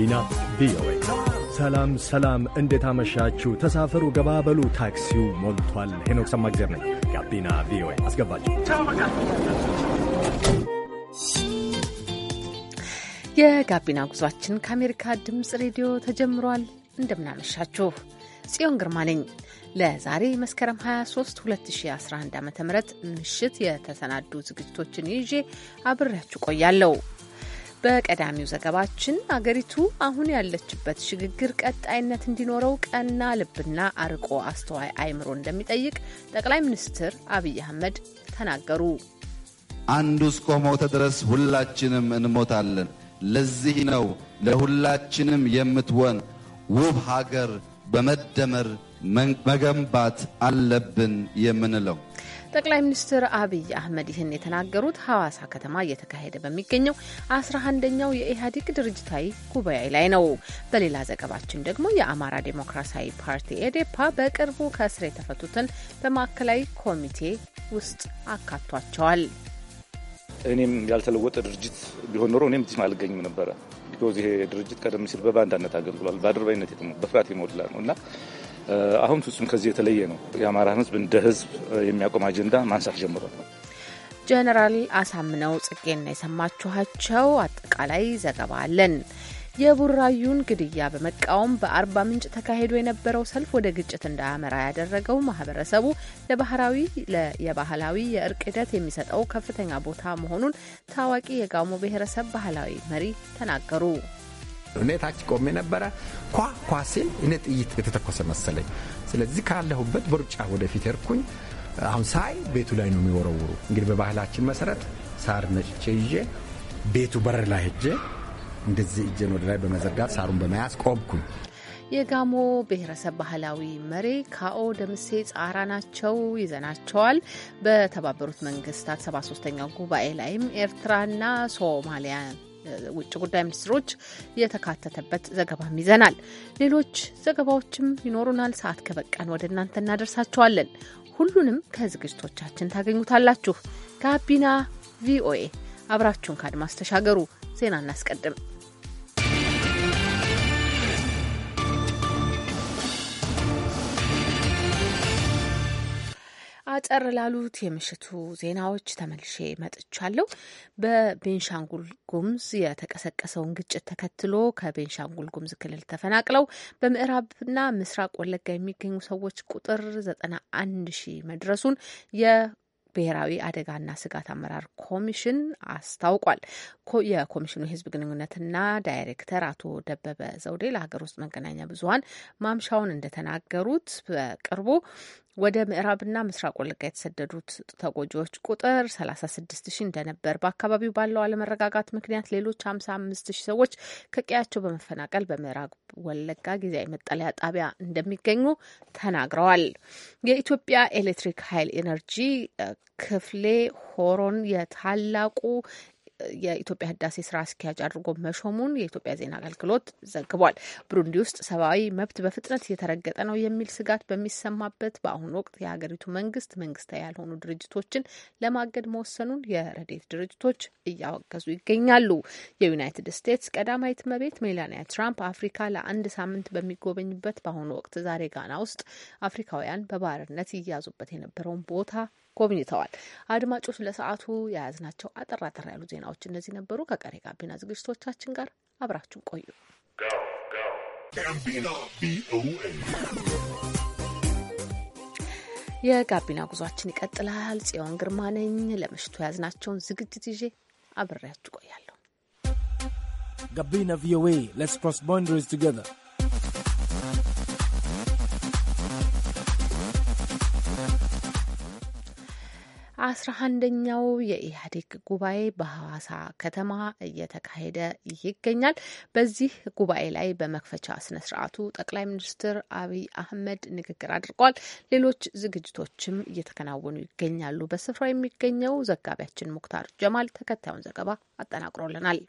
ጋቢና ቪኦኤ። ሰላም ሰላም፣ እንዴት አመሻችሁ? ተሳፈሩ፣ ገባበሉ፣ ታክሲው ሞልቷል። ሄኖክ ሰማግዜር ነኝ። ጋቢና ቪኦኤ አስገባችሁ። የጋቢና ጉዟችን ከአሜሪካ ድምፅ ሬዲዮ ተጀምሯል። እንደምናመሻችሁ ጽዮን ግርማ ነኝ። ለዛሬ መስከረም 23 2011 ዓ ም ምሽት የተሰናዱ ዝግጅቶችን ይዤ አብሬያችሁ ቆያለሁ። በቀዳሚው ዘገባችን አገሪቱ አሁን ያለችበት ሽግግር ቀጣይነት እንዲኖረው ቀና ልብና አርቆ አስተዋይ አይምሮ እንደሚጠይቅ ጠቅላይ ሚኒስትር አብይ አህመድ ተናገሩ። አንዱ እስከሞተ ድረስ ሁላችንም እንሞታለን። ለዚህ ነው ለሁላችንም የምትወን ውብ ሀገር በመደመር መገንባት አለብን የምንለው። ጠቅላይ ሚኒስትር አብይ አህመድ ይህን የተናገሩት ሐዋሳ ከተማ እየተካሄደ በሚገኘው አስራ አንደኛው የኢህአዴግ ድርጅታዊ ጉባኤ ላይ ነው። በሌላ ዘገባችን ደግሞ የአማራ ዴሞክራሲያዊ ፓርቲ ኤዴፓ በቅርቡ ከእስር የተፈቱትን በማዕከላዊ ኮሚቴ ውስጥ አካቷቸዋል። እኔም ያልተለወጠ ድርጅት ቢሆን ኖሮ እኔም እዚህም አልገኝም ነበረ። ቢኮዝ ይሄ ድርጅት ቀደም ሲል በባንዳነት አገልግሏል። በአድርባይነት በፍራት የሞላ ነው እና አሁን ፍጹም ከዚህ የተለየ ነው። የአማራን ህዝብ እንደ ህዝብ የሚያቆም አጀንዳ ማንሳት ጀምሯል። ጀነራል አሳምነው ጽጌና የሰማችኋቸው አጠቃላይ ዘገባ አለን። የቡራዩን ግድያ በመቃወም በአርባ ምንጭ ተካሂዶ የነበረው ሰልፍ ወደ ግጭት እንዳያመራ ያደረገው ማህበረሰቡ ለባህራዊ የባህላዊ የእርቅ ሂደት የሚሰጠው ከፍተኛ ቦታ መሆኑን ታዋቂ የጋሞ ብሔረሰብ ባህላዊ መሪ ተናገሩ። እኔ ታች ቆሜ ነበረ። ኳ ኳ ሲል እኔ ጥይት የተተኮሰ መሰለኝ። ስለዚህ ካለሁበት በሩጫ ወደፊት ሄድኩኝ። አሁን ሳይ ቤቱ ላይ ነው የሚወረውሩ። እንግዲህ በባህላችን መሰረት ሳር ነጭቼ ይዤ ቤቱ በር ላይ ሄጄ እንደዚህ እጄን ወደ ላይ በመዘርጋት ሳሩን በመያዝ ቆምኩኝ። የጋሞ ብሔረሰብ ባህላዊ መሪ ካኦ ደምሴ ጻራ ናቸው። ይዘናቸዋል። በተባበሩት መንግስታት 73 ሶስተኛው ጉባኤ ላይም ኤርትራና ሶማሊያ ውጭ ጉዳይ ሚኒስትሮች የተካተተበት ዘገባም ይዘናል። ሌሎች ዘገባዎችም ይኖሩናል። ሰዓት ከበቃን ወደ እናንተ እናደርሳቸዋለን። ሁሉንም ከዝግጅቶቻችን ታገኙታላችሁ። ጋቢና ቪኦኤ አብራችሁን ከአድማስ ተሻገሩ። ዜና እናስቀድም። አጠር ላሉት የምሽቱ ዜናዎች ተመልሼ መጥቻለሁ። በቤንሻንጉል ጉምዝ የተቀሰቀሰውን ግጭት ተከትሎ ከቤንሻንጉል ጉምዝ ክልል ተፈናቅለው በምዕራብና ምስራቅ ወለጋ የሚገኙ ሰዎች ቁጥር ዘጠና አንድ ሺህ መድረሱን የ ብሔራዊ አደጋና ስጋት አመራር ኮሚሽን አስታውቋል። የኮሚሽኑ የህዝብ ግንኙነትና ዳይሬክተር አቶ ደበበ ዘውዴ ለሀገር ውስጥ መገናኛ ብዙኃን ማምሻውን እንደተናገሩት በቅርቡ ወደ ምዕራብና ምስራቅ ወለጋ የተሰደዱት ተጎጂዎች ቁጥር 36 ሺህ እንደነበር በአካባቢው ባለው አለመረጋጋት ምክንያት ሌሎች 55 ሺህ ሰዎች ከቀያቸው በመፈናቀል በምዕራብ ወለጋ ጊዜያዊ መጠለያ ጣቢያ እንደሚገኙ ተናግረዋል። የኢትዮጵያ ኤሌክትሪክ ኃይል ኤነርጂ ክፍሌ ሆሮን የታላቁ የኢትዮጵያ ህዳሴ ስራ አስኪያጅ አድርጎ መሾሙን የኢትዮጵያ ዜና አገልግሎት ዘግቧል። ብሩንዲ ውስጥ ሰብአዊ መብት በፍጥነት እየተረገጠ ነው የሚል ስጋት በሚሰማበት በአሁኑ ወቅት የሀገሪቱ መንግስት መንግስታዊ ያልሆኑ ድርጅቶችን ለማገድ መወሰኑን የረዴት ድርጅቶች እያወገዙ ይገኛሉ። የዩናይትድ ስቴትስ ቀዳማዊት እመቤት ሜላኒያ ትራምፕ አፍሪካ ለአንድ ሳምንት በሚጎበኝበት በአሁኑ ወቅት ዛሬ ጋና ውስጥ አፍሪካውያን በባርነት ይያዙበት የነበረውን ቦታ ጎብኝተዋል። አድማጮች ለሰዓቱ የያዝናቸው አጠር አጠር ያሉ ዜናዎች እነዚህ ነበሩ። ከቀሪ ጋቢና ዝግጅቶቻችን ጋር አብራችሁን ቆዩ። የጋቢና ጉዟችን ይቀጥላል። ጽዮን ግርማ ነኝ። ለምሽቱ የያዝናቸውን ዝግጅት ይዤ አብሬያችሁ ቆያለሁ። ጋቢና ቪኦኤ ሌትስ ክሮስ ባውንደሪስ ቱጌዘር አስራ አንደኛው የኢህአዴግ ጉባኤ በሐዋሳ ከተማ እየተካሄደ ይገኛል። በዚህ ጉባኤ ላይ በመክፈቻ ስነ ስርዓቱ ጠቅላይ ሚኒስትር አብይ አህመድ ንግግር አድርገዋል። ሌሎች ዝግጅቶችም እየተከናወኑ ይገኛሉ። በስፍራው የሚገኘው ዘጋቢያችን ሙክታር ጀማል ተከታዩን ዘገባ አጠናቅሮልናል።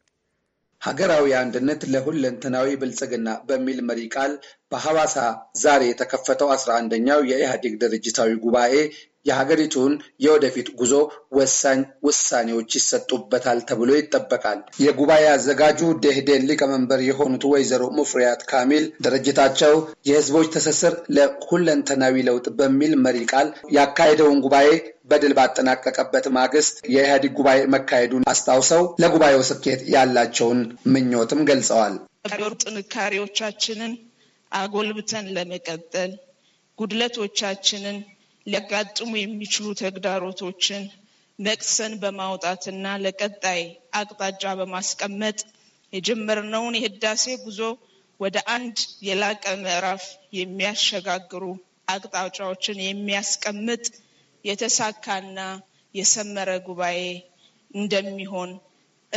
ሀገራዊ አንድነት ለሁለንተናዊ ብልጽግና በሚል መሪ ቃል በሐዋሳ ዛሬ የተከፈተው አስራ አንደኛው የኢህአዴግ ድርጅታዊ ጉባኤ የሀገሪቱን የወደፊት ጉዞ ወሳኝ ውሳኔዎች ይሰጡበታል ተብሎ ይጠበቃል። የጉባኤ አዘጋጁ ደህዴን ሊቀመንበር የሆኑት ወይዘሮ ሙፍሪያት ካሚል ድርጅታቸው የህዝቦች ትስስር ለሁለንተናዊ ለውጥ በሚል መሪ ቃል ያካሄደውን ጉባኤ በድል ባጠናቀቀበት ማግስት የኢህአዴግ ጉባኤ መካሄዱን አስታውሰው ለጉባኤው ስኬት ያላቸውን ምኞትም ገልጸዋል። ጥንካሬዎቻችንን አጎልብተን ለመቀጠል ጉድለቶቻችንን ሊያጋጥሙ የሚችሉ ተግዳሮቶችን ነቅሰን በማውጣትና ለቀጣይ አቅጣጫ በማስቀመጥ የጀመርነውን የህዳሴ ጉዞ ወደ አንድ የላቀ ምዕራፍ የሚያሸጋግሩ አቅጣጫዎችን የሚያስቀምጥ የተሳካና የሰመረ ጉባኤ እንደሚሆን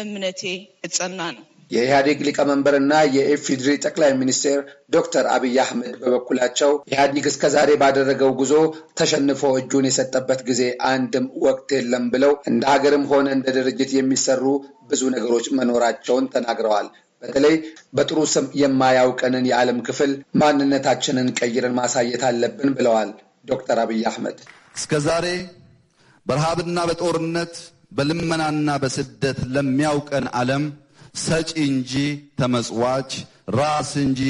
እምነቴ የጸና ነው። የኢህአዴግ ሊቀመንበርና የኢፌዴሪ ጠቅላይ ሚኒስትር ዶክተር አብይ አህመድ በበኩላቸው ኢህአዴግ እስከዛሬ ባደረገው ጉዞ ተሸንፎ እጁን የሰጠበት ጊዜ አንድም ወቅት የለም ብለው እንደ ሀገርም ሆነ እንደ ድርጅት የሚሰሩ ብዙ ነገሮች መኖራቸውን ተናግረዋል። በተለይ በጥሩ ስም የማያውቀንን የዓለም ክፍል ማንነታችንን ቀይረን ማሳየት አለብን ብለዋል ዶክተር አብይ አህመድ። እስከዛሬ በረሃብና በጦርነት በልመናና በስደት ለሚያውቀን ዓለም ሰጪ እንጂ ተመጽዋች፣ ራስ እንጂ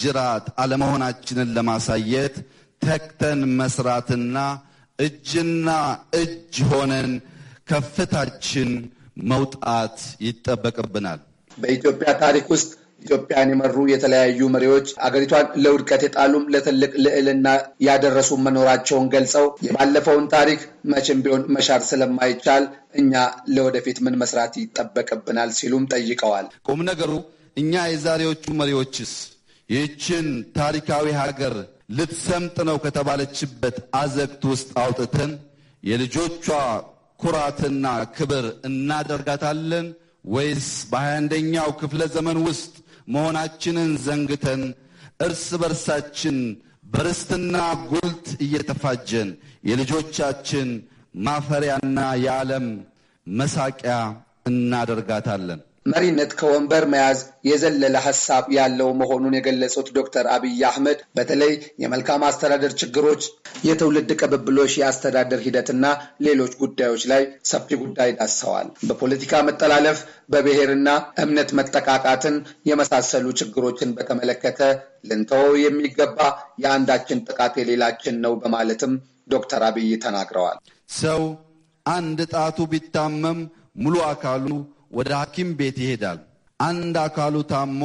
ጅራት አለመሆናችንን ለማሳየት ተክተን መስራትና እጅና እጅ ሆነን ከፍታችን መውጣት ይጠበቅብናል። በኢትዮጵያ ታሪክ ውስጥ ኢትዮጵያን የመሩ የተለያዩ መሪዎች አገሪቷን ለውድቀት የጣሉም ለትልቅ ልዕልና ያደረሱ መኖራቸውን ገልጸው የባለፈውን ታሪክ መቼም ቢሆን መሻር ስለማይቻል እኛ ለወደፊት ምን መስራት ይጠበቅብናል ሲሉም ጠይቀዋል። ቁም ነገሩ እኛ የዛሬዎቹ መሪዎችስ ይህችን ታሪካዊ ሀገር ልትሰምጥ ነው ከተባለችበት አዘግት ውስጥ አውጥተን የልጆቿ ኩራትና ክብር እናደርጋታለን ወይስ በሃያ አንደኛው ክፍለ ዘመን ውስጥ መሆናችንን ዘንግተን እርስ በርሳችን በርስትና ጉልት እየተፋጀን የልጆቻችን ማፈሪያና የዓለም መሳቂያ እናደርጋታለን። መሪነት ከወንበር መያዝ የዘለለ ሀሳብ ያለው መሆኑን የገለጹት ዶክተር አብይ አህመድ በተለይ የመልካም አስተዳደር ችግሮች፣ የትውልድ ቀብብሎሽ የአስተዳደር ሂደትና ሌሎች ጉዳዮች ላይ ሰፊ ጉዳይ ዳሰዋል። በፖለቲካ መጠላለፍ፣ በብሔርና እምነት መጠቃቃትን የመሳሰሉ ችግሮችን በተመለከተ ልንተው የሚገባ የአንዳችን ጥቃት የሌላችን ነው በማለትም ዶክተር አብይ ተናግረዋል። ሰው አንድ ጣቱ ቢታመም ሙሉ አካሉ ወደ ሐኪም ቤት ይሄዳል። አንድ አካሉ ታሞ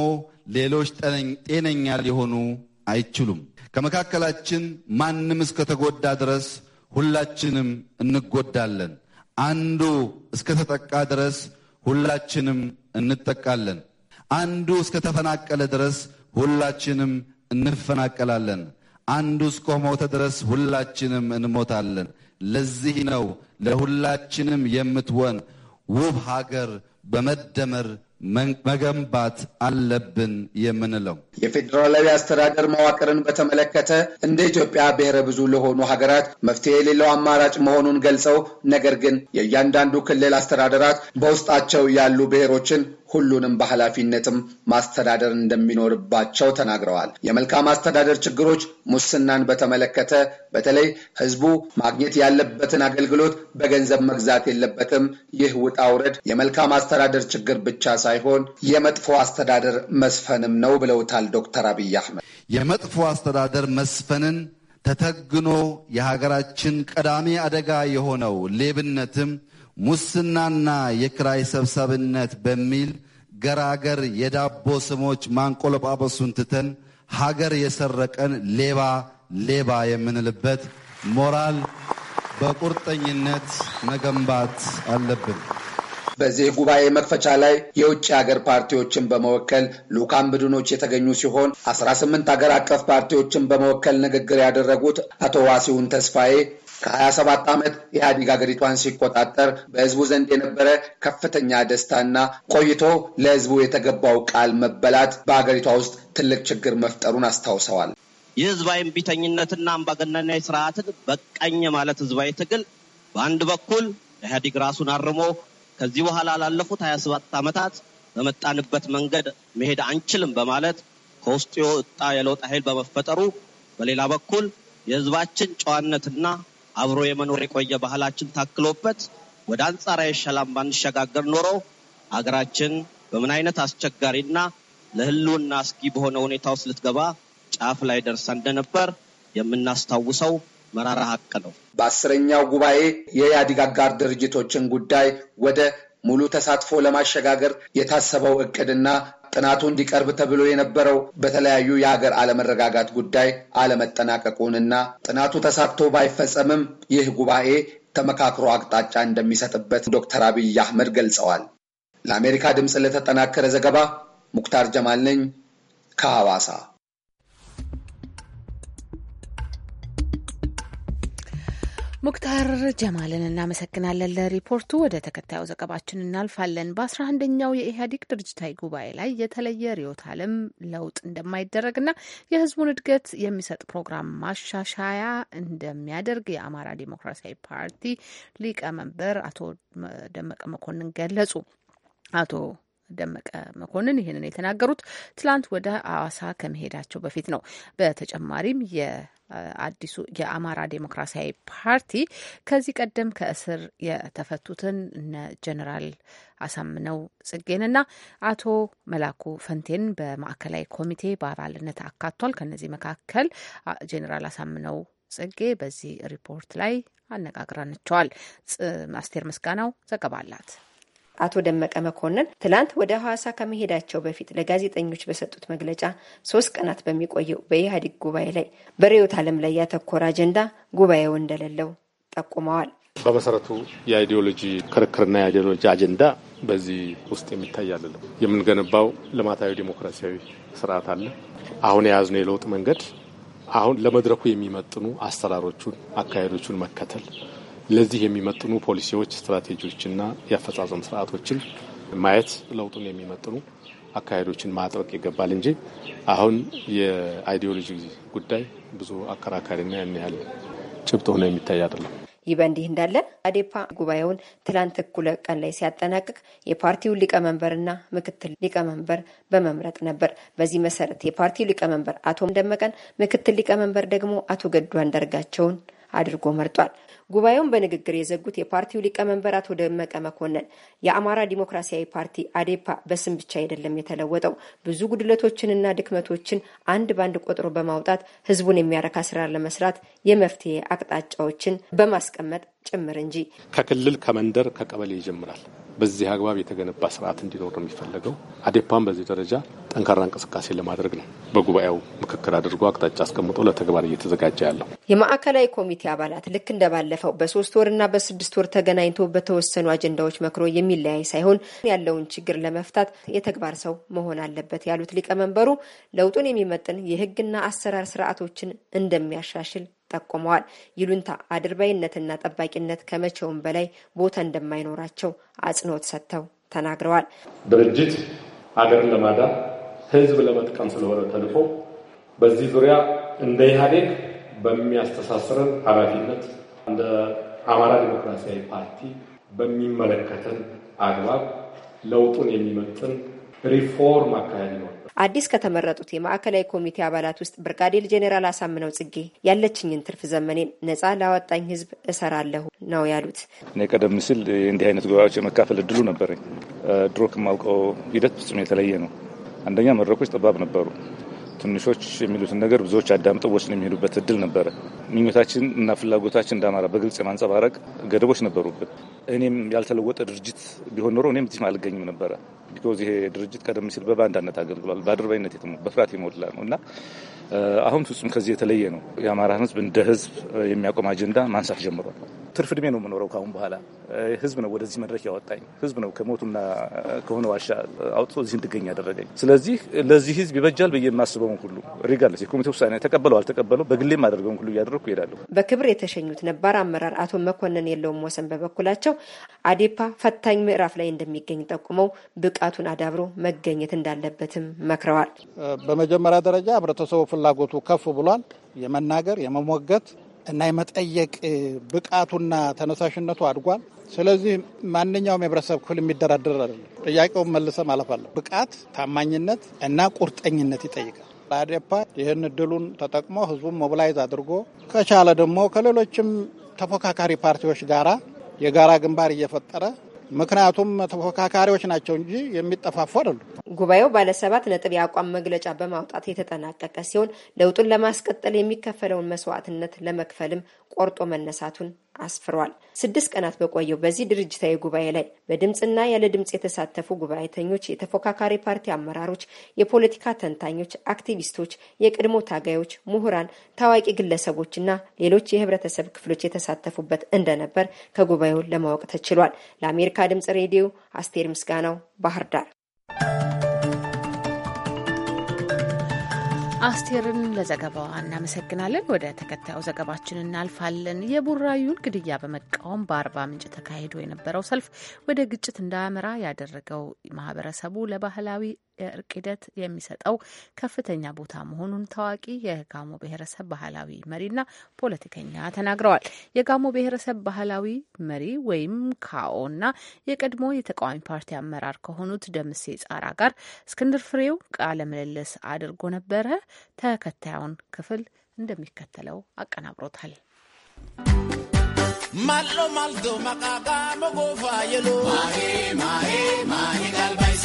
ሌሎች ጤነኛ ሊሆኑ አይችሉም። ከመካከላችን ማንም እስከተጎዳ ድረስ ሁላችንም እንጎዳለን። አንዱ እስከተጠቃ ድረስ ሁላችንም እንጠቃለን። አንዱ እስከተፈናቀለ ድረስ ሁላችንም እንፈናቀላለን። አንዱ እስከሞተ ድረስ ሁላችንም እንሞታለን። ለዚህ ነው ለሁላችንም የምትወን ውብ ሀገር በመደመር መገንባት አለብን የምንለው የፌዴራላዊ አስተዳደር መዋቅርን በተመለከተ እንደ ኢትዮጵያ ብሔረ ብዙ ለሆኑ ሀገራት መፍትሄ የሌለው አማራጭ መሆኑን ገልጸው ነገር ግን የእያንዳንዱ ክልል አስተዳደራት በውስጣቸው ያሉ ብሔሮችን ሁሉንም በኃላፊነትም ማስተዳደር እንደሚኖርባቸው ተናግረዋል። የመልካም አስተዳደር ችግሮች ሙስናን በተመለከተ በተለይ ህዝቡ ማግኘት ያለበትን አገልግሎት በገንዘብ መግዛት የለበትም። ይህ ውጣ ውረድ የመልካም አስተዳደር ችግር ብቻ ሳይሆን የመጥፎ አስተዳደር መስፈንም ነው ብለውታል ዶክተር አብይ አህመድ። የመጥፎ አስተዳደር መስፈንን ተተግኖ የሀገራችን ቀዳሚ አደጋ የሆነው ሌብነትም ሙስናና የክራይ ሰብሳቢነት በሚል ገራገር የዳቦ ስሞች ማንቆለጳጳሱን ትተን ሀገር የሰረቀን ሌባ ሌባ የምንልበት ሞራል በቁርጠኝነት መገንባት አለብን። በዚህ ጉባኤ መክፈቻ ላይ የውጭ ሀገር ፓርቲዎችን በመወከል ልዑካን ቡድኖች የተገኙ ሲሆን አስራ ስምንት ሀገር አቀፍ ፓርቲዎችን በመወከል ንግግር ያደረጉት አቶ ዋሲሁን ተስፋዬ ከ27 ዓመት ኢህአዲግ ሀገሪቷን ሲቆጣጠር በህዝቡ ዘንድ የነበረ ከፍተኛ ደስታና ቆይቶ ለህዝቡ የተገባው ቃል መበላት በሀገሪቷ ውስጥ ትልቅ ችግር መፍጠሩን አስታውሰዋል። የህዝባዊ እምቢተኝነትና አምባገነናዊ ስርዓትን በቃኝ ማለት ህዝባዊ ትግል በአንድ በኩል ኢህአዲግ ራሱን አርሞ ከዚህ በኋላ ላለፉት 27 ዓመታት በመጣንበት መንገድ መሄድ አንችልም በማለት ከውስጥ የወጣ የለውጥ ኃይል በመፈጠሩ በሌላ በኩል የህዝባችን ጨዋነትና አብሮ የመኖር የቆየ ባህላችን ታክሎበት ወደ አንጻራዊ ሰላም ባንሸጋገር ኖሮ አገራችን በምን አይነት አስቸጋሪና ለህልውና አስጊ በሆነ ሁኔታ ውስጥ ልትገባ ጫፍ ላይ ደርሳ እንደነበር የምናስታውሰው መራራ ሀቅ ነው። በአስረኛው ጉባኤ የኢህአዴግ አጋር ድርጅቶችን ጉዳይ ወደ ሙሉ ተሳትፎ ለማሸጋገር የታሰበው እቅድና ጥናቱ እንዲቀርብ ተብሎ የነበረው በተለያዩ የሀገር አለመረጋጋት ጉዳይ አለመጠናቀቁንና ጥናቱ ተሳክቶ ባይፈጸምም ይህ ጉባኤ ተመካክሮ አቅጣጫ እንደሚሰጥበት ዶክተር አብይ አህመድ ገልጸዋል። ለአሜሪካ ድምፅ ለተጠናከረ ዘገባ ሙክታር ጀማል ነኝ ከሐዋሳ ሙክታር ጀማልን እናመሰግናለን ለሪፖርቱ። ወደ ተከታዩ ዘገባችን እናልፋለን። በአስራ አንደኛው የኢህአዴግ ድርጅታዊ ጉባኤ ላይ የተለየ ርዕዮተ ዓለም ለውጥ እንደማይደረግና የህዝቡን እድገት የሚሰጥ ፕሮግራም ማሻሻያ እንደሚያደርግ የአማራ ዲሞክራሲያዊ ፓርቲ ሊቀመንበር አቶ ደመቀ መኮንን ገለጹ። አቶ ደመቀ መኮንን ይህንን የተናገሩት ትላንት ወደ አዋሳ ከመሄዳቸው በፊት ነው። በተጨማሪም አዲሱ የአማራ ዴሞክራሲያዊ ፓርቲ ከዚህ ቀደም ከእስር የተፈቱትን እነ ጀኔራል አሳምነው ጽጌንና አቶ መላኩ ፈንቴን በማዕከላዊ ኮሚቴ በአባልነት አካቷል። ከነዚህ መካከል ጀኔራል አሳምነው ጽጌ በዚህ ሪፖርት ላይ አነጋግራናቸዋል። አስቴር ምስጋናው ዘገባ አላት። አቶ ደመቀ መኮንን ትላንት ወደ ሐዋሳ ከመሄዳቸው በፊት ለጋዜጠኞች በሰጡት መግለጫ ሶስት ቀናት በሚቆየው በኢህአዴግ ጉባኤ ላይ በርዕዮተ ዓለም ላይ ያተኮረ አጀንዳ ጉባኤው እንደሌለው ጠቁመዋል። በመሰረቱ የአይዲዮሎጂ ክርክርና የአይዲዮሎጂ አጀንዳ በዚህ ውስጥ የሚታይ አይደለም። የምንገነባው ልማታዊ ዴሞክራሲያዊ ስርዓት አለ። አሁን የያዝነው የለውጥ መንገድ አሁን ለመድረኩ የሚመጥኑ አሰራሮቹን፣ አካሄዶቹን መከተል ለዚህ የሚመጥኑ ፖሊሲዎች፣ ስትራቴጂዎችና የአፈጻጸም ስርዓቶችን ማየት ለውጡን የሚመጥኑ አካሄዶችን ማጥበቅ ይገባል እንጂ አሁን የአይዲዮሎጂ ጉዳይ ብዙ አከራካሪና ያን ያህል ጭብጥ ሆነ የሚታይ አይደለም። ይህ በእንዲህ እንዳለ አዴፓ ጉባኤውን ትላንት እኩለ ቀን ላይ ሲያጠናቅቅ የፓርቲውን ሊቀመንበርና ምክትል ሊቀመንበር በመምረጥ ነበር። በዚህ መሰረት የፓርቲው ሊቀመንበር አቶ ደመቀን፣ ምክትል ሊቀመንበር ደግሞ አቶ ገዱ አንዳርጋቸውን አድርጎ መርጧል። ጉባኤውን በንግግር የዘጉት የፓርቲው ሊቀመንበር አቶ ደመቀ መኮንን የአማራ ዲሞክራሲያዊ ፓርቲ አዴፓ በስም ብቻ አይደለም የተለወጠው፣ ብዙ ጉድለቶችንና ድክመቶችን አንድ በአንድ ቆጥሮ በማውጣት ህዝቡን የሚያረካ ስራ ለመስራት የመፍትሄ አቅጣጫዎችን በማስቀመጥ ጭምር እንጂ ከክልል ከመንደር ከቀበሌ ይጀምራል። በዚህ አግባብ የተገነባ ስርዓት እንዲኖር ነው የሚፈለገው። አዴፓን በዚህ ደረጃ ጠንካራ እንቅስቃሴ ለማድረግ ነው በጉባኤው ምክክር አድርጎ አቅጣጫ አስቀምጦ ለተግባር እየተዘጋጀ ያለው። የማዕከላዊ ኮሚቴ አባላት ልክ እንደባለፈው በሶስት ወርና በስድስት ወር ተገናኝቶ በተወሰኑ አጀንዳዎች መክሮ የሚለያይ ሳይሆን ያለውን ችግር ለመፍታት የተግባር ሰው መሆን አለበት ያሉት ሊቀመንበሩ ለውጡን የሚመጥን የህግና አሰራር ስርዓቶችን እንደሚያሻሽል ጠቁመዋል። ይሉንታ አድርባይነትና ጠባቂነት ከመቼውም በላይ ቦታ እንደማይኖራቸው አጽንኦት ሰጥተው ተናግረዋል። ድርጅት አገርን ለማዳን ህዝብ ለመጥቀም ስለሆነ ተልፎ በዚህ ዙሪያ እንደ ኢህአዴግ በሚያስተሳስረን ኃላፊነት እንደ አማራ ዲሞክራሲያዊ ፓርቲ በሚመለከተን አግባብ ለውጡን የሚመጥን ሪፎርም አካሄድ ነው አዲስ ከተመረጡት የማዕከላዊ ኮሚቴ አባላት ውስጥ ብርጋዴር ጄኔራል አሳምነው ጽጌ ያለችኝን ትርፍ ዘመኔን ነጻ ላወጣኝ ህዝብ እሰራለሁ ነው ያሉት። እኔ ቀደም ሲል እንዲህ አይነት ጉባኤዎች የመካፈል እድሉ ነበረኝ። ድሮ ከማውቀው ሂደት ፍጹም የተለየ ነው። አንደኛ መድረኮች ጠባብ ነበሩ። ትንሾች የሚሉትን ነገር ብዙዎች አዳምጠው ወስነው የሚሄዱበት እድል ነበረ። ምኞታችን እና ፍላጎታችን እንዳማራ በግልጽ የማንጸባረቅ ገደቦች ነበሩበት። እኔም ያልተለወጠ ድርጅት ቢሆን ኖሮ እኔም እዚህም አልገኝም ነበረ። ቢኮዝ ይሄ ድርጅት ቀደም ሲል በባንዳነት አገልግሏል። በአድርባይነት በፍርሃት የሞላ ነው እና አሁን ፍጹም ከዚህ የተለየ ነው። የአማራ ህዝብ እንደ ህዝብ የሚያቆም አጀንዳ ማንሳት ጀምሯል። ትርፍ እድሜ ነው የምኖረው ካሁን በኋላ። ህዝብ ነው ወደዚህ መድረክ ያወጣኝ። ህዝብ ነው ከሞቱና ከሆነ ዋሻ አውጥቶ እዚህ እንድገኝ ያደረገኝ። ስለዚህ ለዚህ ህዝብ ይበጃል ብዬ የማስበውን ሁሉ ሪጋለስ የኮሚቴ ውሳኔ ተቀበለው አልተቀበለው በግሌም አደርገውን ሁሉ እያደረግኩ ይሄዳለሁ። በክብር የተሸኙት ነባር አመራር አቶ መኮንን የለውም ወሰን በበኩላቸው አዴፓ ፈታኝ ምዕራፍ ላይ እንደሚገኝ ጠቁመው ብቃቱን አዳብሮ መገኘት እንዳለበትም መክረዋል። በመጀመሪያ ደረጃ ህብረተሰቡ ፍላጎቱ ከፍ ብሏል። የመናገር የመሞገት እና የመጠየቅ ብቃቱና ተነሳሽነቱ አድጓል። ስለዚህ ማንኛውም የህብረተሰብ ክፍል የሚደራደር አይደለም። ጥያቄውን መልሰ ማለፍ አለ። ብቃት፣ ታማኝነት እና ቁርጠኝነት ይጠይቃል። አዴፓ ይህን እድሉን ተጠቅሞ ህዝቡን ሞብላይዝ አድርጎ ከቻለ ደግሞ ከሌሎችም ተፎካካሪ ፓርቲዎች ጋራ የጋራ ግንባር እየፈጠረ ምክንያቱም ተፎካካሪዎች ናቸው እንጂ የሚጠፋፉ አይደሉም። ጉባኤው ባለ ሰባት ነጥብ የአቋም መግለጫ በማውጣት የተጠናቀቀ ሲሆን ለውጡን ለማስቀጠል የሚከፈለውን መስዋዕትነት ለመክፈልም ቆርጦ መነሳቱን አስፍሯል። ስድስት ቀናት በቆየው በዚህ ድርጅታዊ ጉባኤ ላይ በድምፅና ያለ ድምፅ የተሳተፉ ጉባኤተኞች፣ የተፎካካሪ ፓርቲ አመራሮች፣ የፖለቲካ ተንታኞች፣ አክቲቪስቶች፣ የቅድሞ ታጋዮች፣ ምሁራን፣ ታዋቂ ግለሰቦች እና ሌሎች የህብረተሰብ ክፍሎች የተሳተፉበት እንደነበር ከጉባኤው ለማወቅ ተችሏል። ለአሜሪካ ድምፅ ሬዲዮ አስቴር ምስጋናው ባህር ዳር። አስቴርን ለዘገባዋ እናመሰግናለን። ወደ ተከታዩ ዘገባችን እናልፋለን። የቡራዩን ግድያ በመቃወም በአርባ ምንጭ ተካሂዶ የነበረው ሰልፍ ወደ ግጭት እንዳያመራ ያደረገው ማህበረሰቡ ለባህላዊ የእርቅ ሂደት የሚሰጠው ከፍተኛ ቦታ መሆኑን ታዋቂ የጋሞ ብሔረሰብ ባህላዊ መሪና ፖለቲከኛ ተናግረዋል። የጋሞ ብሔረሰብ ባህላዊ መሪ ወይም ካኦ እና የቀድሞ የተቃዋሚ ፓርቲ አመራር ከሆኑት ደምሴ ጻራ ጋር እስክንድር ፍሬው ቃለ ምልልስ አድርጎ ነበረ። ተከታዩን ክፍል እንደሚከተለው አቀናብሮታል። ማሎ ማልዶ መቃቃ መጎፋ የሎ ማሄ ማሄ ማሄ ጋልባይሳ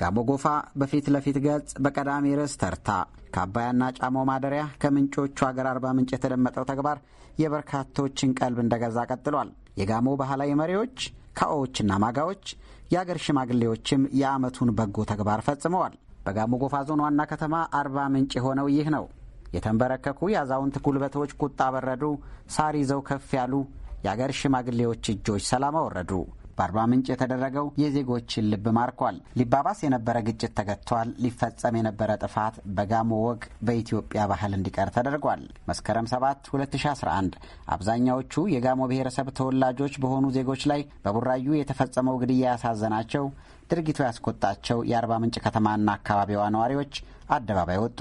ጋሞ ጎፋ በፊት ለፊት ገጽ በቀዳሚ ርዕስ ተርታ ከአባያና ጫሞ ማደሪያ ከምንጮቹ አገር አርባ ምንጭ የተደመጠው ተግባር የበርካቶችን ቀልብ እንደገዛ ቀጥሏል። የጋሞ ባህላዊ መሪዎች ካኦዎችና ማጋዎች፣ የአገር ሽማግሌዎችም የዓመቱን በጎ ተግባር ፈጽመዋል። በጋሞ ጎፋ ዞን ዋና ከተማ አርባ ምንጭ የሆነው ይህ ነው። የተንበረከኩ የአዛውንት ጉልበቶች ቁጣ በረዱ፣ ሳር ይዘው ከፍ ያሉ የአገር ሽማግሌዎች እጆች ሰላም አወረዱ። በአርባ ምንጭ የተደረገው የዜጎችን ልብ ማርኳል። ሊባባስ የነበረ ግጭት ተገጥቷል። ሊፈጸም የነበረ ጥፋት በጋሞ ወግ በኢትዮጵያ ባህል እንዲቀር ተደርጓል። መስከረም 7 2011 አብዛኛዎቹ የጋሞ ብሔረሰብ ተወላጆች በሆኑ ዜጎች ላይ በቡራዩ የተፈጸመው ግድያ ያሳዘናቸው፣ ድርጊቱ ያስቆጣቸው የአርባ ምንጭ ከተማና አካባቢዋ ነዋሪዎች አደባባይ ወጡ።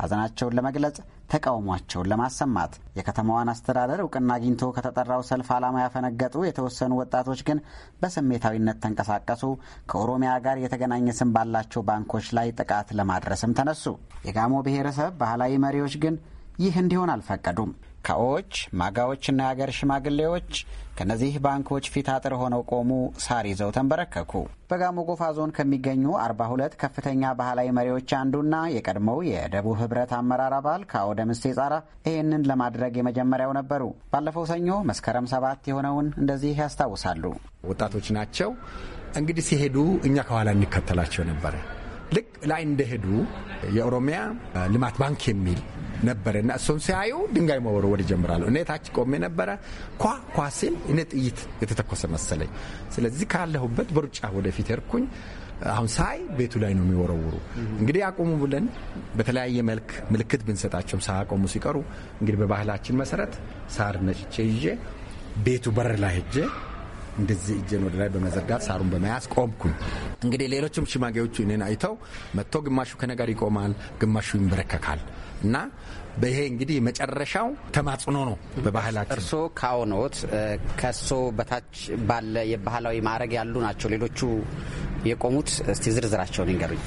ሐዘናቸውን ለመግለጽ ተቃውሟቸውን ለማሰማት የከተማዋን አስተዳደር እውቅና አግኝቶ ከተጠራው ሰልፍ ዓላማ ያፈነገጡ የተወሰኑ ወጣቶች ግን በስሜታዊነት ተንቀሳቀሱ። ከኦሮሚያ ጋር የተገናኘ ስም ባላቸው ባንኮች ላይ ጥቃት ለማድረስም ተነሱ። የጋሞ ብሔረሰብ ባህላዊ መሪዎች ግን ይህ እንዲሆን አልፈቀዱም። ካኦዎች፣ ማጋዎችና የአገር ሽማግሌዎች ከነዚህ ባንኮች ፊት አጥር ሆነው ቆሙ፣ ሳር ይዘው ተንበረከኩ። በጋሞ ጎፋ ዞን ከሚገኙ 42 ከፍተኛ ባህላዊ መሪዎች አንዱና የቀድሞው የደቡብ ህብረት አመራር አባል ካኦ ደምሴ ጻራ ይህንን ለማድረግ የመጀመሪያው ነበሩ። ባለፈው ሰኞ መስከረም ሰባት የሆነውን እንደዚህ ያስታውሳሉ። ወጣቶች ናቸው እንግዲህ ሲሄዱ እኛ ከኋላ እንከተላቸው ነበረ። ልክ ላይ እንደሄዱ የኦሮሚያ ልማት ባንክ የሚል ነበረ እና እሱን ሲያዩ ድንጋይ መወርወር ይጀምራሉ። እኔ ታች ቆሜ ነበረ። ኳ ኳ ሲል እኔ ጥይት የተተኮሰ መሰለኝ። ስለዚህ ካለሁበት በሩጫ ወደፊት ሄድኩኝ። አሁን ሳይ ቤቱ ላይ ነው የሚወረውሩ። እንግዲህ አቁሙ ብለን በተለያየ መልክ ምልክት ብንሰጣቸውም ሳያቆሙ ሲቀሩ እንግዲህ በባህላችን መሰረት ሳር ነጭቼ ይዤ ቤቱ በር ላይ ሄጄ እንደዚህ እጄን ወደ ላይ በመዘርጋት ሳሩን በመያዝ ቆምኩኝ። እንግዲህ ሌሎችም ሽማጌዎቹ እኔን አይተው መጥቶ ግማሹ ከነገር ይቆማል፣ ግማሹ ይንበረከካል። እና ይሄ እንግዲህ መጨረሻው ተማጽኖ ነው። በባህላችን እርስዎ ካዎኖት ከሶ በታች ባለ የባህላዊ ማዕረግ ያሉ ናቸው ሌሎቹ የቆሙት። እስቲ ዝርዝራቸውን ይንገሩኝ።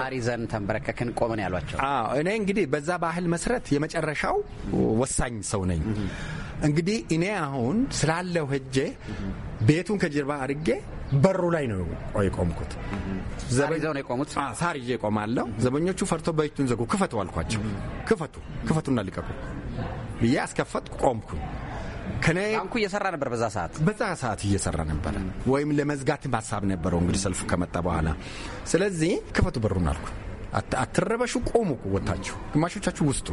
ሳሪ ዘን ተንበረከክን ቆመን ያሏቸው። እኔ እንግዲህ በዛ ባህል መሰረት የመጨረሻው ወሳኝ ሰው ነኝ። እንግዲህ እኔ አሁን ስላለው ህጄ ቤቱን ከጀርባ አድርጌ በሩ ላይ ነው የቆምኩት። ሳር ይዤ ቆማለሁ። ዘበኞቹ ፈርቶ በእጁን ዘጉ። ክፈቱ አልኳቸው። ክፈቱ ክፈቱና ልቀቁ ብዬ አስከፈትኩ። ቆምኩ። ባንኩ እየሰራ ነበር በዛ ሰዓት በዛ ሰዓት እየሰራ ነበረ፣ ወይም ለመዝጋት ሀሳብ ነበረው እንግዲህ ሰልፉ ከመጣ በኋላ። ስለዚህ ክፈቱ በሩን አልኩ። አትረበሹ፣ ቆሙ፣ ወታችሁ ግማሾቻችሁ ውስጡ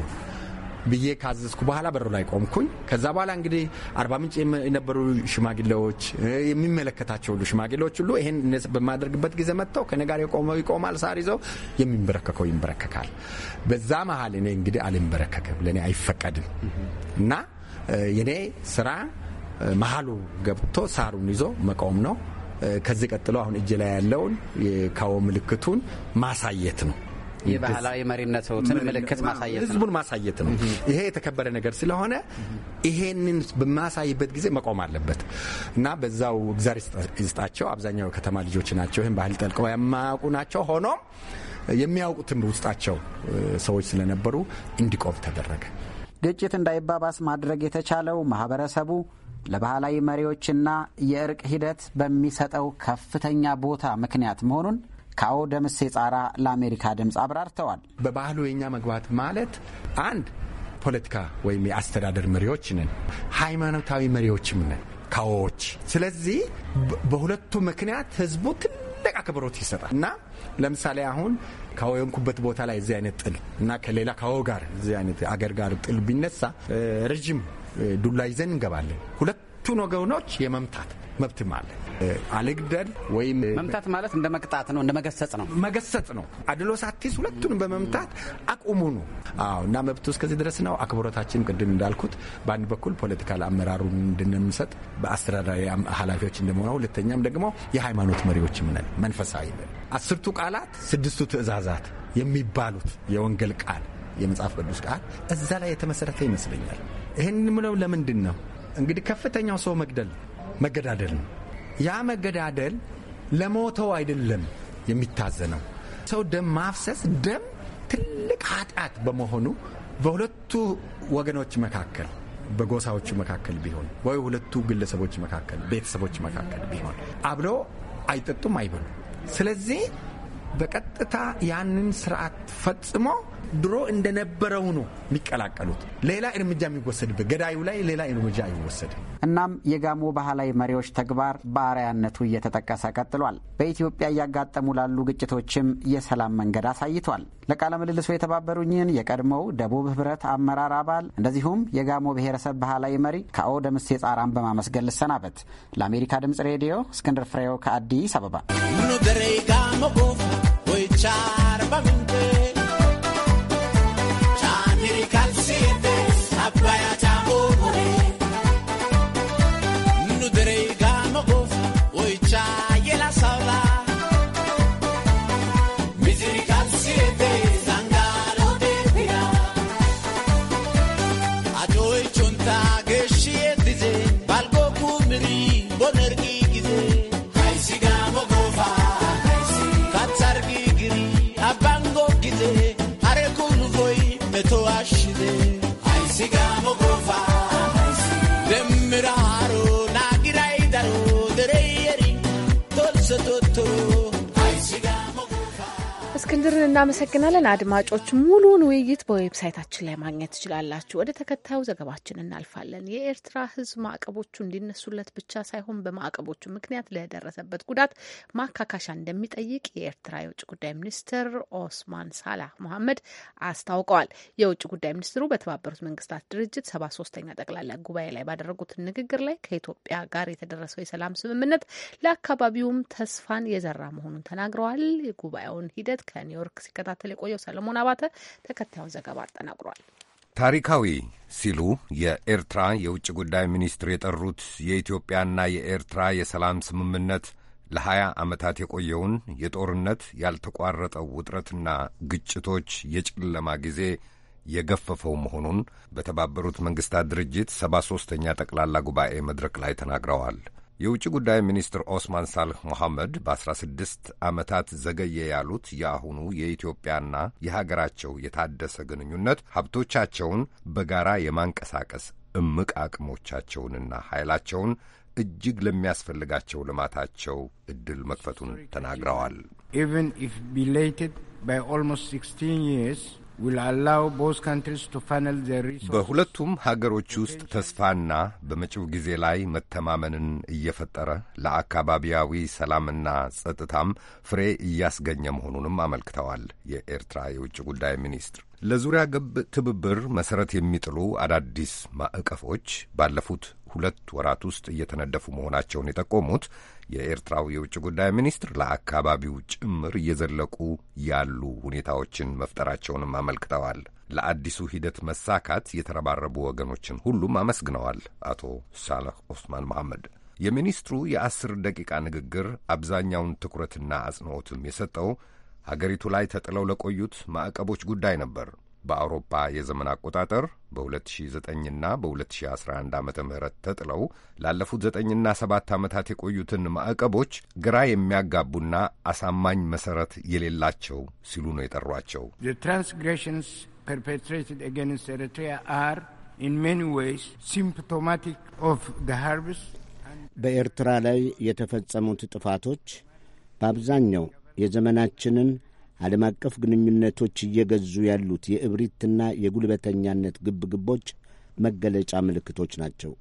ብዬ ካዘዝኩ በኋላ በሩ ላይ ቆምኩኝ። ከዛ በኋላ እንግዲህ አርባ ምንጭ የነበሩ ሽማግሌዎች፣ የሚመለከታቸው ሁሉ ሽማግሌዎች ሁሉ ይህን በማደርግበት ጊዜ መጥተው ከእኔ ጋር የቆመው ይቆማል፣ ሳር ይዘው የሚንበረከከው ይንበረከካል። በዛ መሀል እኔ እንግዲህ አልንበረከክም፣ ለእኔ አይፈቀድም እና የኔ ስራ መሀሉ ገብቶ ሳሩን ይዞ መቆም ነው። ከዚህ ቀጥሎ አሁን እጅ ላይ ያለውን ከው ምልክቱን ማሳየት ነው። የባህላዊ መሪነትን ምልክት ማሳየት ህዝቡን ማሳየት ነው። ይሄ የተከበረ ነገር ስለሆነ ይሄንን በማሳይበት ጊዜ መቆም አለበት እና በዛው እግዚአብሔር ይስጣቸው። አብዛኛው የከተማ ልጆች ናቸው፣ ይህን ባህል ጠልቀው የማያውቁ ናቸው። ሆኖም የሚያውቁትም ውስጣቸው ሰዎች ስለነበሩ እንዲቆም ተደረገ። ግጭት እንዳይባባስ ማድረግ የተቻለው ማህበረሰቡ ለባህላዊ መሪዎችና የእርቅ ሂደት በሚሰጠው ከፍተኛ ቦታ ምክንያት መሆኑን ካኦ ደምሴ ጻራ ለአሜሪካ ድምፅ አብራርተዋል። በባህሉ የኛ መግባት ማለት አንድ ፖለቲካ ወይም የአስተዳደር መሪዎች ነን፣ ሃይማኖታዊ መሪዎችም ነን ካዎች። ስለዚህ በሁለቱ ምክንያት ህዝቡ ትልቅ አክብሮት ይሰጣል እና ለምሳሌ አሁን ካዎ የንኩበት ቦታ ላይ እዚህ አይነት ጥል እና ከሌላ ካዎ ጋር እዚህ አይነት አገር ጋር ጥል ቢነሳ ረዥም ዱላ ይዘን እንገባለን። ሁለቱን ወገኖች የመምታት መብትም አለን። አልግደል ወይም መምታት ማለት እንደ መቅጣት ነው፣ እንደ መገሰጽ ነው። መገሰጽ ነው። አድሎሳቲስ ሁለቱንም በመምታት አቁሙ ነው። አዎ። እና መብቱ እስከዚህ ድረስ ነው። አክብሮታችን ቅድም እንዳልኩት በአንድ በኩል ፖለቲካል አመራሩን እንድንሰጥ በአስተዳዳሪ ኃላፊዎች እንደመሆነ፣ ሁለተኛም ደግሞ የሃይማኖት መሪዎች ምነን መንፈሳዊ አስርቱ ቃላት ስድስቱ ትእዛዛት የሚባሉት የወንጌል ቃል የመጽሐፍ ቅዱስ ቃል እዛ ላይ የተመሰረተ ይመስለኛል። ይህን ምለው ለምንድን ነው እንግዲህ ከፍተኛው ሰው መግደል መገዳደል ነው። ያ መገዳደል ለሞተው አይደለም የሚታዘነው። ሰው ደም ማፍሰስ ደም ትልቅ ኃጢአት በመሆኑ በሁለቱ ወገኖች መካከል በጎሳዎቹ መካከል ቢሆን ወይ ሁለቱ ግለሰቦች መካከል ቤተሰቦች መካከል ቢሆን አብሎ አይጠጡም አይበሉ። ስለዚህ በቀጥታ ያንን ስርዓት ፈጽሞ ድሮ እንደነበረው ነው የሚቀላቀሉት። ሌላ እርምጃ የሚወሰድበት ገዳዩ ላይ ሌላ እርምጃ አይወሰድም። እናም የጋሞ ባህላዊ መሪዎች ተግባር በአርያነቱ እየተጠቀሰ ቀጥሏል። በኢትዮጵያ እያጋጠሙ ላሉ ግጭቶችም የሰላም መንገድ አሳይቷል። ለቃለ ምልልሱ የተባበሩኝን የቀድሞው ደቡብ ህብረት አመራር አባል እንደዚሁም የጋሞ ብሔረሰብ ባህላዊ መሪ ከኦ ደምስ የጻራን በማመስገን ልሰናበት። ለአሜሪካ ድምጽ ሬዲዮ እስክንድር ፍሬው ከአዲስ አበባ እስክንድርን እናመሰግናለን። አድማጮች ሙሉውን ውይይት በዌብሳይታችን ላይ ማግኘት ትችላላችሁ። ወደ ተከታዩ ዘገባችን እናልፋለን። የኤርትራ ሕዝብ ማዕቀቦቹ እንዲነሱለት ብቻ ሳይሆን በማዕቀቦቹ ምክንያት ለደረሰበት ጉዳት ማካካሻ እንደሚጠይቅ የኤርትራ የውጭ ጉዳይ ሚኒስትር ኦስማን ሳላህ መሐመድ አስታውቀዋል። የውጭ ጉዳይ ሚኒስትሩ በተባበሩት መንግስታት ድርጅት ሰባ ሶስተኛ ጠቅላላ ጉባኤ ላይ ባደረጉት ንግግር ላይ ከኢትዮጵያ ጋር የተደረሰው የሰላም ስምምነት ለአካባቢውም ተስፋን የዘራ መሆኑን ተናግረዋል። የጉባኤውን ሂደት ከኒውዮርክ ሲከታተል የቆየው ሰለሞን አባተ ተከታዩን ዘገባ አጠናቅሯል። ታሪካዊ ሲሉ የኤርትራ የውጭ ጉዳይ ሚኒስትር የጠሩት የኢትዮጵያና የኤርትራ የሰላም ስምምነት ለሀያ ዓመታት የቆየውን የጦርነት ያልተቋረጠው ውጥረትና ግጭቶች የጨለማ ጊዜ የገፈፈው መሆኑን በተባበሩት መንግስታት ድርጅት ሰባ ሦስተኛ ጠቅላላ ጉባኤ መድረክ ላይ ተናግረዋል። የውጭ ጉዳይ ሚኒስትር ኦስማን ሳልህ ሞሐመድ በ16 ዓመታት ዘገየ ያሉት የአሁኑ የኢትዮጵያና የሀገራቸው የታደሰ ግንኙነት ሀብቶቻቸውን በጋራ የማንቀሳቀስ እምቅ አቅሞቻቸውንና ኃይላቸውን እጅግ ለሚያስፈልጋቸው ልማታቸው እድል መክፈቱን ተናግረዋል። ኢቨን ኢፍ ቢሌትድ ባይ ኦልሞስት 16 ይርስ በሁለቱም ሀገሮች ውስጥ ተስፋና በመጪው ጊዜ ላይ መተማመንን እየፈጠረ ለአካባቢያዊ ሰላምና ጸጥታም ፍሬ እያስገኘ መሆኑንም አመልክተዋል። የኤርትራ የውጭ ጉዳይ ሚኒስትር ለዙሪያ ገብ ትብብር መሠረት የሚጥሉ አዳዲስ ማዕቀፎች ባለፉት ሁለት ወራት ውስጥ እየተነደፉ መሆናቸውን የጠቆሙት የኤርትራው የውጭ ጉዳይ ሚኒስትር ለአካባቢው ጭምር እየዘለቁ ያሉ ሁኔታዎችን መፍጠራቸውንም አመልክተዋል። ለአዲሱ ሂደት መሳካት የተረባረቡ ወገኖችን ሁሉም አመስግነዋል። አቶ ሳለህ ኦስማን መሐመድ የሚኒስትሩ የአስር ደቂቃ ንግግር አብዛኛውን ትኩረትና አጽንኦትም የሰጠው ሀገሪቱ ላይ ተጥለው ለቆዩት ማዕቀቦች ጉዳይ ነበር። በአውሮፓ የዘመን አቆጣጠር በ2009ና በ2011 ዓ ም ተጥለው ላለፉት ዘጠኝና ሰባት ዓመታት የቆዩትን ማዕቀቦች ግራ የሚያጋቡና አሳማኝ መሠረት የሌላቸው ሲሉ ነው የጠሯቸው። ትራንስግሬሽንስ ፐርፔትሬትድ አጋንስት ኤርትሪያ አር ኢን ሜኒ ዌይስ ሲምፕቶማቲክ ኦፍ ዘ በኤርትራ ላይ የተፈጸሙት ጥፋቶች በአብዛኛው የዘመናችንን ዓለም አቀፍ ግንኙነቶች እየገዙ ያሉት የእብሪትና የጉልበተኛነት ግብግቦች መገለጫ ምልክቶች ናቸው።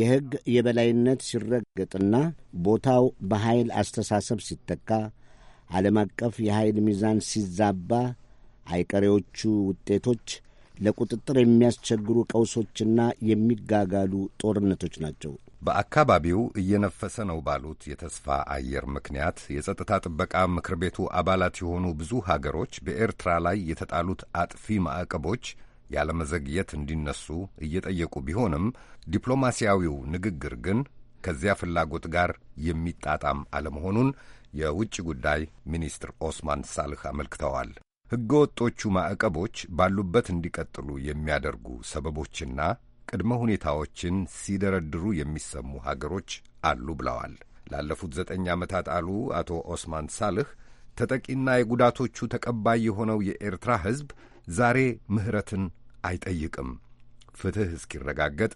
የሕግ የበላይነት ሲረገጥና ቦታው በኃይል አስተሳሰብ ሲተካ፣ ዓለም አቀፍ የኃይል ሚዛን ሲዛባ፣ አይቀሬዎቹ ውጤቶች ለቁጥጥር የሚያስቸግሩ ቀውሶችና የሚጋጋሉ ጦርነቶች ናቸው። በአካባቢው እየነፈሰ ነው ባሉት የተስፋ አየር ምክንያት የጸጥታ ጥበቃ ምክር ቤቱ አባላት የሆኑ ብዙ ሀገሮች በኤርትራ ላይ የተጣሉት አጥፊ ማዕቀቦች ያለመዘግየት እንዲነሱ እየጠየቁ ቢሆንም ዲፕሎማሲያዊው ንግግር ግን ከዚያ ፍላጎት ጋር የሚጣጣም አለመሆኑን የውጭ ጉዳይ ሚኒስትር ኦስማን ሳልህ አመልክተዋል። ሕገወጦቹ ማዕቀቦች ባሉበት እንዲቀጥሉ የሚያደርጉ ሰበቦችና ቅድመ ሁኔታዎችን ሲደረድሩ የሚሰሙ ሀገሮች አሉ ብለዋል። ላለፉት ዘጠኝ ዓመታት አሉ አቶ ኦስማን ሳልህ ተጠቂና የጉዳቶቹ ተቀባይ የሆነው የኤርትራ ሕዝብ ዛሬ ምሕረትን አይጠይቅም። ፍትሕ እስኪረጋገጥ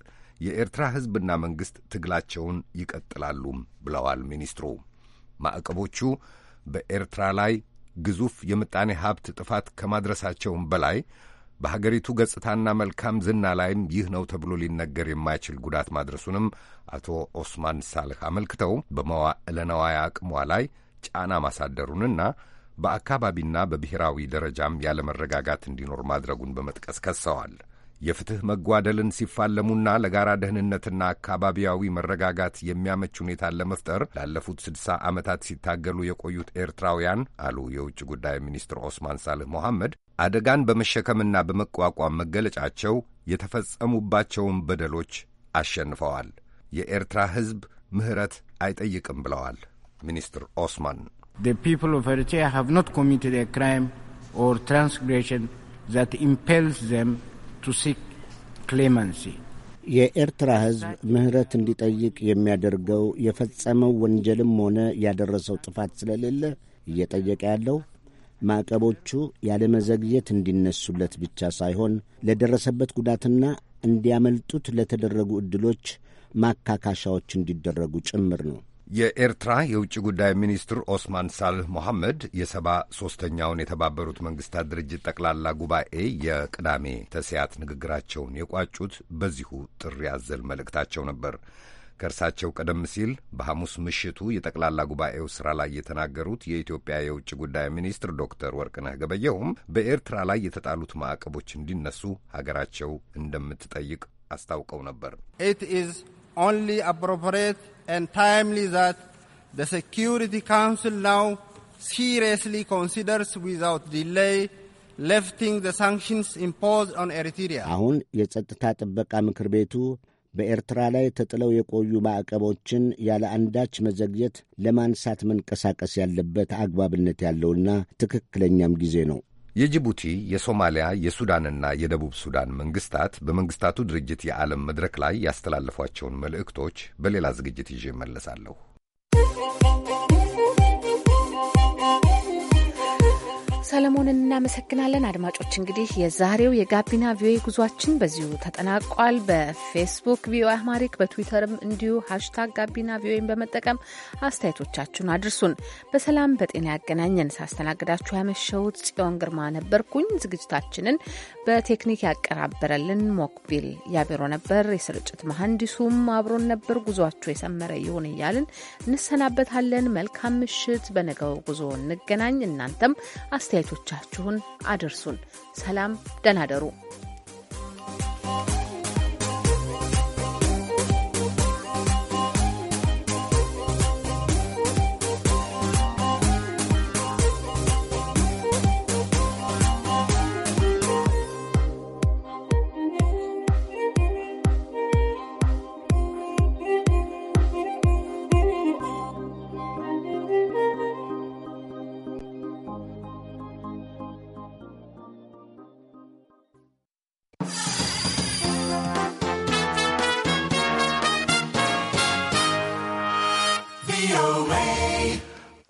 የኤርትራ ሕዝብና መንግሥት ትግላቸውን ይቀጥላሉም ብለዋል ሚኒስትሩ። ማዕቀቦቹ በኤርትራ ላይ ግዙፍ የምጣኔ ሀብት ጥፋት ከማድረሳቸውም በላይ በሀገሪቱ ገጽታና መልካም ዝና ላይም ይህ ነው ተብሎ ሊነገር የማይችል ጉዳት ማድረሱንም አቶ ኦስማን ሳልህ አመልክተው በመዋዕለ ነዋይ አቅሟ ላይ ጫና ማሳደሩንና በአካባቢና በብሔራዊ ደረጃም ያለመረጋጋት እንዲኖር ማድረጉን በመጥቀስ ከሰዋል። የፍትሕ መጓደልን ሲፋለሙና ለጋራ ደህንነትና አካባቢያዊ መረጋጋት የሚያመች ሁኔታን ለመፍጠር ላለፉት ስድሳ ዓመታት ሲታገሉ የቆዩት ኤርትራውያን አሉ የውጭ ጉዳይ ሚኒስትር ኦስማን ሳልህ ሞሐመድ አደጋን በመሸከምና በመቋቋም መገለጫቸው የተፈጸሙባቸውን በደሎች አሸንፈዋል። የኤርትራ ሕዝብ ምሕረት አይጠይቅም ብለዋል ሚኒስትር ኦስማን። The people of Eritrea have not committed a ቱ ሲክ ክሌመንሲ የኤርትራ ሕዝብ ምህረት እንዲጠይቅ የሚያደርገው የፈጸመው ወንጀልም ሆነ ያደረሰው ጥፋት ስለሌለ እየጠየቀ ያለው ማዕቀቦቹ ያለመዘግየት እንዲነሱለት ብቻ ሳይሆን ለደረሰበት ጉዳትና እንዲያመልጡት ለተደረጉ ዕድሎች ማካካሻዎች እንዲደረጉ ጭምር ነው። የኤርትራ የውጭ ጉዳይ ሚኒስትር ኦስማን ሳልህ ሞሐመድ የሰባ ሶስተኛውን የተባበሩት መንግስታት ድርጅት ጠቅላላ ጉባኤ የቅዳሜ ተስያት ንግግራቸውን የቋጩት በዚሁ ጥሪ አዘል መልእክታቸው ነበር። ከእርሳቸው ቀደም ሲል በሐሙስ ምሽቱ የጠቅላላ ጉባኤው ስራ ላይ የተናገሩት የኢትዮጵያ የውጭ ጉዳይ ሚኒስትር ዶክተር ወርቅነህ ገበየሁም በኤርትራ ላይ የተጣሉት ማዕቀቦች እንዲነሱ ሀገራቸው እንደምትጠይቅ አስታውቀው ነበር። ኢት ኢዝ ኦንሊ አፕሮፕሪየት and timely that the Security Council now seriously considers without delay lifting the sanctions imposed on Eritrea. አሁን የጸጥታ ጥበቃ ምክር ቤቱ በኤርትራ ላይ ተጥለው የቆዩ ማዕቀቦችን ያለ አንዳች መዘግየት ለማንሳት መንቀሳቀስ ያለበት አግባብነት ያለውና ትክክለኛም ጊዜ ነው። የጅቡቲ የሶማሊያ የሱዳንና የደቡብ ሱዳን መንግስታት በመንግስታቱ ድርጅት የዓለም መድረክ ላይ ያስተላለፏቸውን መልእክቶች በሌላ ዝግጅት ይዤ እመለሳለሁ። ሰለሞን እናመሰግናለን። አድማጮች እንግዲህ የዛሬው የጋቢና ቪኦኤ ጉዟችን በዚሁ ተጠናቋል። በፌስቡክ ቪኦኤ አማሪክ፣ በትዊተርም እንዲሁ ሀሽታግ ጋቢና ቪኦኤን በመጠቀም አስተያየቶቻችሁን አድርሱን። በሰላም በጤና ያገናኘን። ሳስተናግዳችሁ ያመሸሁት ጽዮን ግርማ ነበርኩኝ። ዝግጅታችንን በቴክኒክ ያቀራበረልን ሞክቢል ያቢሮ ነበር። የስርጭት መሐንዲሱም አብሮን ነበር። ጉዟችሁ የሰመረ ይሁን እያልን እንሰናበታለን። መልካም ምሽት። በነገው ጉዞ እንገናኝ። እናንተም አስተያየቶቻችሁን አድርሱን። ሰላም፣ ደህና ደሩ።